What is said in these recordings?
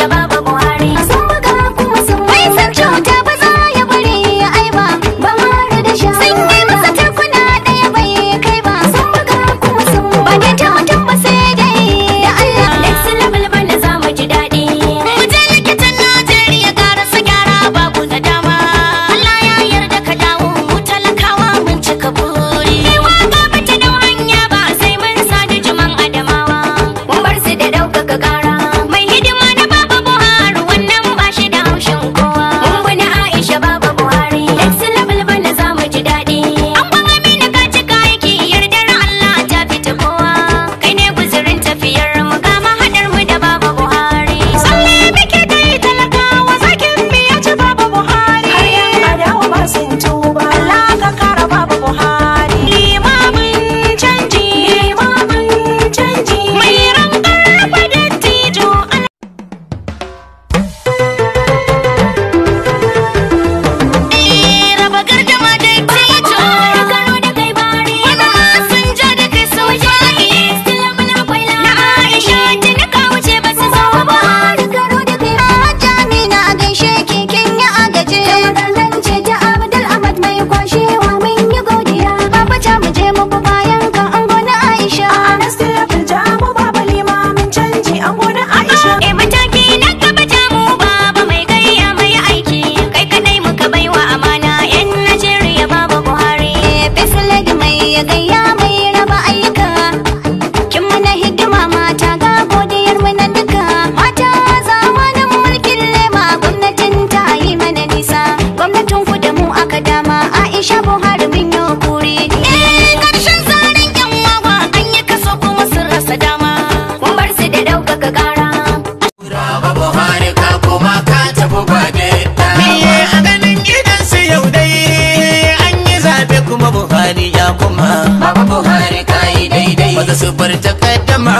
ya vamos. I'm al'umma baba buhari daidai maza su bar takaddama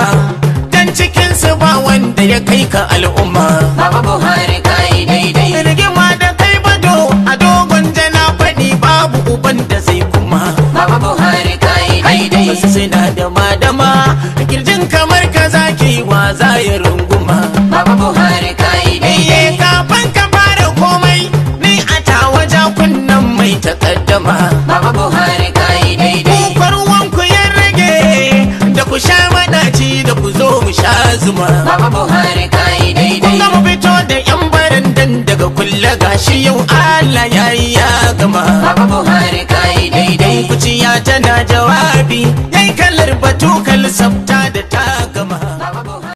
dan cikin su ba wanda ya kai ka al'umma baba buhari yi daidai rigima da kai bado a dogon jana faɗi babu uban da zai kuma baba buhari kai daidai wasu na dama dama kirjin kamar ka zaki wa ya runguma baba buhari yi daidai kafin ka fara komai ni a tawaja kunnen mai takaddama baba kulle gashi yau Allah ya yi ya gama. Baba Buhari ka daidai. Kuciya tana jawabi.